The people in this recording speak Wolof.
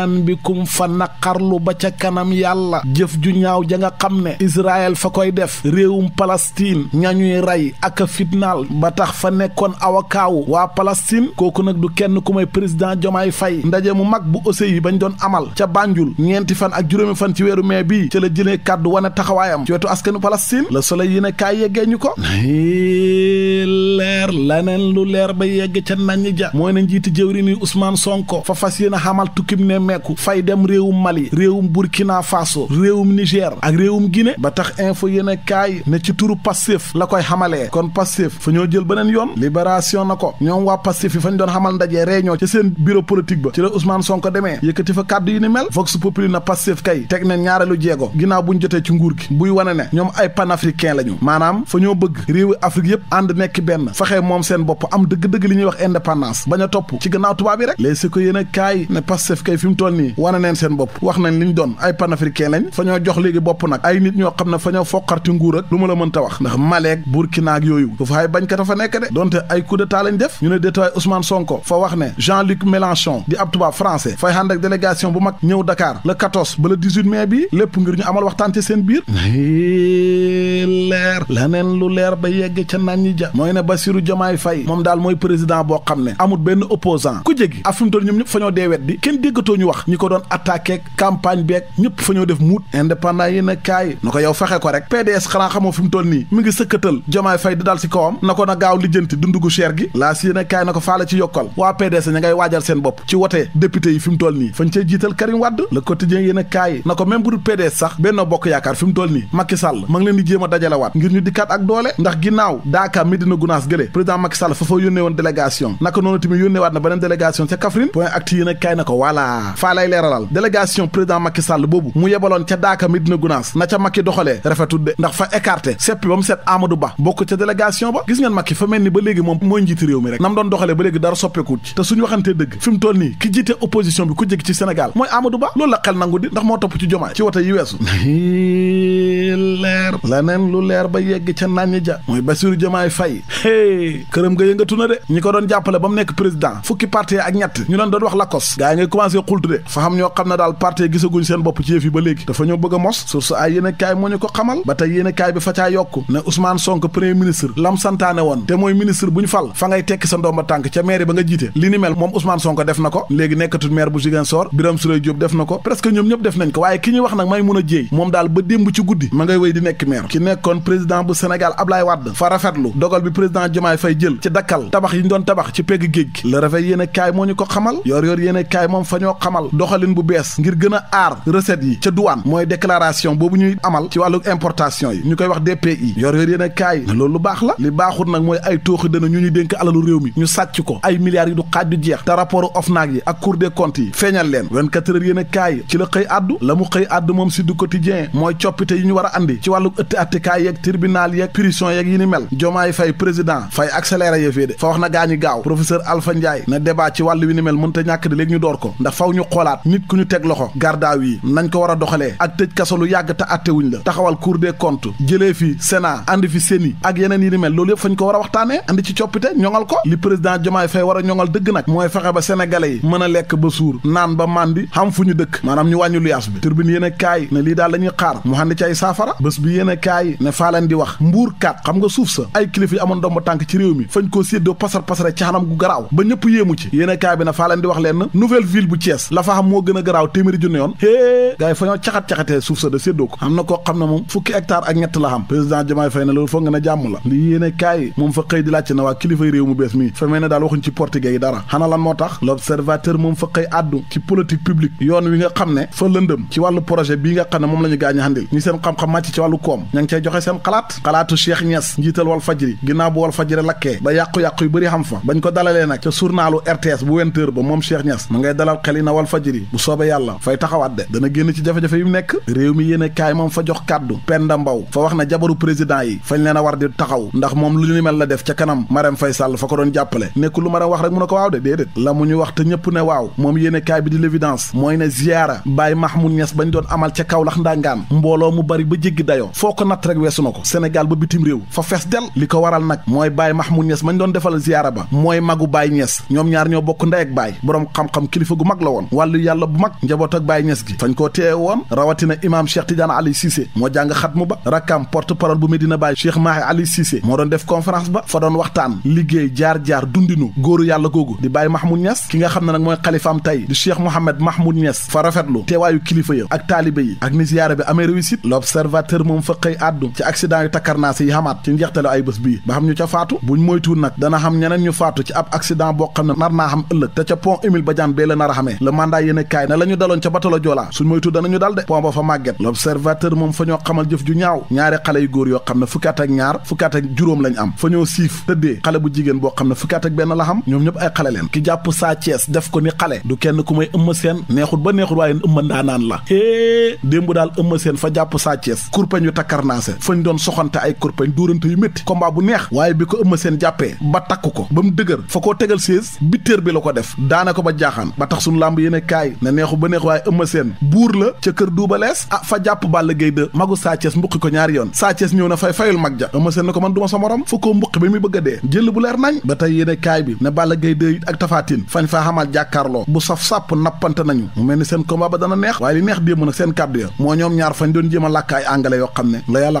jaam bi kum fa naqarlu ba ca kanam yàlla jëf ju ñaaw ja nga xam ne Israël fa koy def réewum Palestine ñañuy rey ak a fitnaal ba tax fa nekkoon awakaawu waa Palestine kooku nag du kenn ku may président Jomaay Fay ndaje mu mag bu OCI bañ doon amal ca Banjul ñeenti fan ak juróomi fan ci weeru mai bii ca la jëlee kàddu wane taxawaayam ci wetu askanu Palestine la Soleil yi ne kaay yeggee ñu ko leer laneen lu leer ba yegg ca nañ ja mooy ne njiiti jëwriñ a nemmeeku fay dem réewum Mali réewum Burkina Faso réewum Niger ak réewum Guinée ba tax info yéen a kaay ne ci turu Pastef la koy xamalee kon Pastef fa ñoo jël beneen yoon libération na ko ñoom waa Pastef yi fa doon xamal ndaje réunion ci seen bureau politique ba ci la Ousmane Sonko demee yëkkati fa kàddu yi ni mel Vox Populi na Pastef kay teg ne ñaareelu jeego ginnaaw buñ jotee ci nguur gi buy wane ne ñoom ay panafricain lañu maanaam fa ñoo bëgg réewi Afrique toll nii wane neen seen bopp wax nañ li ñu doon ay panafricain lañ fa ñoo jox léegi bopp nag ay nit ñoo xam ne fa ñoo foqarti nguur ak lu ma la mën wax ndax Maleek Burkina ak yooyu fa ay bañkat a fa nekk de donte ay coup d'état def ñu ne détaay Ousmane Sonko fa wax ne Jean-Luc Mélenchon di ab tubaab français fay ànd ak délégation bu mag ñëw Dakar le 14 ba le 18 bi lépp ngir ñu amal waxtaan ci seen biir leer laneen lu leer ba yegg ca boo xam ne amul benn wax ñi ko doon attaqué campagne beeg ñëpp fa ñoo def muut indépendant yi ne kaay na ko yow fexe ko rek PDS xanaa xamoo fi mu nii mi ngi sëkkatal Jomaay Fay di dal si kawam na ko na gaaw lijjanti dund gu gi laas yéen a kaay na ko faale ci yokkal waa PDS ña ngay waajal seen bopp ci wote député yi fi mu toll nii fañ cey jiital Karim Wade le quotidien yéen a kaay na ko même bu dul PDS sax Benno Bokk Yaakaar fi mu nii Macky Sall ma ngi a dajalewaat na beneen délégation ca Kaffrine a kaay na faa lay leeralal délégation président Macky Sall boobu mu yebaloon ca daaka Medina Gounass na ca Macky doxalee rafetul de ndax fa écarté seppi ba mu set Amadou Ba bokk ca délégation ba gis ngeen Macky fa mel ni ba léegi moom mooy njiiti réew mi rek nam doon doxalee ba léegi dara soppeekuut ci te suñu waxantee dëgg fi mu nii ki jiite opposition bi ku jëkk ci Sénégal mooy Amadou Ba loolu la xel nangu di ndax moo topp ci jomaay ci wote yi weesu lu leer ba yegg ca naññ ja mooy Bassirou Diomaye Faye é këram nga yëngatu na de de fa xam ñoo xam ne daal parti gisaguñ seen bopp ci yëf yi ba léegi dafa ñoo bëgg a mos source ay yéen a ko xamal ba tey yéen a ko xamal yor yor yéen moom fa ñoo xamal amal doxalin bu bees ngir gën a aar recettes yi ca douane mooy déclaration boobu ñuy amal ci wàllu importation yi ñu koy wax DPI yor yor yéen a kaay loolu lu baax la li baaxul nag mooy ay tooxi dana ñu ñu dénk alalu réew mi ñu sàcc ko ay milliards yi du xaaj du jeex te rapport OFNAC yi ak Cour des yi feeñal leen 24 heures yéen ci la xëy addu la mu xëy addu moom si du quotidien mooy coppite yi ñu war a andi ci wàllu ëtti attikaay yeeg tribunal yeeg prison yeeg yi ni fa na gaañu gaaw professeur Alpha Ndiaye na débat ci ñu xoolaat nit ku ñu teg loxo gardaaw yi nañ ko war a doxalee ak tëj kaso lu yàgg te àttewuñ la taxawal cour des comptes jëlee fi sénat andi fi séni ak yeneen yi ni mel loolu yëpp fañ ko war a waxtaanee andi ci coppite ñoŋal ko li président Diomaye Faye war a ñoŋal dëgg nag mooy fexe ba sénégalais yi mën a lekk ba suur naan ba màndi xam fu ñu dëkk maanaam ñu wàññi luyaas bi turbine yéen kaay ne lii daal la xaar mu xandi ci ay saafara bés bi yéen a kaay ne faa leen di wax mbuur kat xam a kaay lafa fa moo gën a garaaw téeméeri junne yoon hée gars yi fa ñoo suuf sa de séddoo ko am na koo xam ne moom fukki hectare ak ñett la xam président Diomaye Faye ne loolu foog nga ne jàmm la li yéene kaay moom fa xëy di laajte na waa kilifay réew mu bees mi fa mel ne daal waxuñ ci portugais yi dara xana lan tax l'observateur moom fa xëy àddu ci politique publique yoon wi nga xam ne fa lëndëm ci wàllu projet bii nga xam ne moom la ñu gaañ a ñi seen xam ngi cay joxe seen xalaat xalaatu Cheikh Niass njiital wal fajri ginnaaw bu wal fajri lakkee ba yàqu-yàqu yu xam fa bañ ko dalalee nag ca journalu RTS bu 20 moom Cheikh Niass ma ngay wal fajiri bu soobee yàlla fay taxawaat de dana génn ci jafe-jafe yu mu nekk réew mi yéene kaay moom fa jox kàddu Penda Mbow fa wax na jabaru président yi fañ leen a war di taxaw ndax moom lu ni la def ca kanam Marème Faye Sall fa ko doon jàppale nekk lu Marème wax rek mu a ko waaw de déedéet la mu ñu wax te ñëpp ne waaw moom yéene kaay bi di l'évidence mooy ne ziyaara Baye Mahmoud Niass bañ doon amal ca Kaolack ndangaan mbooloo mu bari ba jéggi dayoo foo ko natt rek weesu na ko Sénégal ba bitim réew fa fees del li ko waral mooy Baye Mahmoud Niass bañ doon defal ziyaara ba mooy magu Baye Niass ñaar ñoo bokk ndey ak baay xam-xam kilifa gu mag la woon wàllu yàlla bu mag njaboot ak Baye Niass gi fañ koo téye woon rawatina imaam Cheikh Tidiane Ali Cissé moo jàng xatmu ba rakkaam porte parole bu Medina Baye Cheikh Mahi Ali Cissé moo doon def conférence ba fa doon waxtaan liggéey jaar-jaar dundinu góoru yàlla googu di Baye Mahmoud Niass ki nga xam ne nag mooy xalifaam tey di Cheikh Mouhamed Mahmoud Niass fa rafetlu teewaayu kilifa ya ak taalibe yi ak ni bi amee réussite l'observateur moom fa xëy àddu ci accident xamaat ci njeextale ay bés bii ba xam ñu ca faatu buñ moytuwul nag dana xam ñeneen ñu faatu ci ab accident boo xam naa xam ëllëg te ca pont la nar a xamee mandat yéen a kaay ne la ñu daloon ca batalo Joola suñ moytu danañu dal de pont ba fa màgget l'observateur moom fa ñoo xamal jëf ju ñaaw ñaari xale yu góor yoo xam ne fukkaat ak ñaar fukkaat juróom lañ am fa ñoo siif tëddee xale bu jigéen boo xam ne fukkaat ak benn la xam ñoom ñëpp ay xale leen ki jàpp saa Cees def ko ni xale du kenn ku may ëmma seen neexut ba neexut waaye ëmma ndaanaan la é démb daal ëmma seen fa jàpp saa Cees kurpeñ yu takkarnaase doon soxante ay kurpeñ dóorante yu métti combat bu neex waaye bi ko ëmma seen jàppee ba takk ko ba mu dëgër koo tegal siis bittéer bi la ko def daana ko ba jaaxaan ba tax suñu làmb yéene kaay ne neexu ba neex waaye ëmma seen buur la ca kër duuba lees ah fa jàpp Balla Gaye magu Sa Thiès mbuqi ko ñaari yoon Sa ñëw na fay fayul mag ja ëmma seen ne ko man du sa morom fu ko mbuqi bi muy bëgg a dee jël bu leer nañ ba tey yéene kaay bi ne Balla Gaye ak tafaatin fañ faa xamal jàkkaarloo bu saf sàpp nappante nañu mu mel ni seen combat ba dana neex waaye li neex démb nag seen kàddu ya moo ñoom ñaar fañ doon jéem a làkk ay yoo xam ne la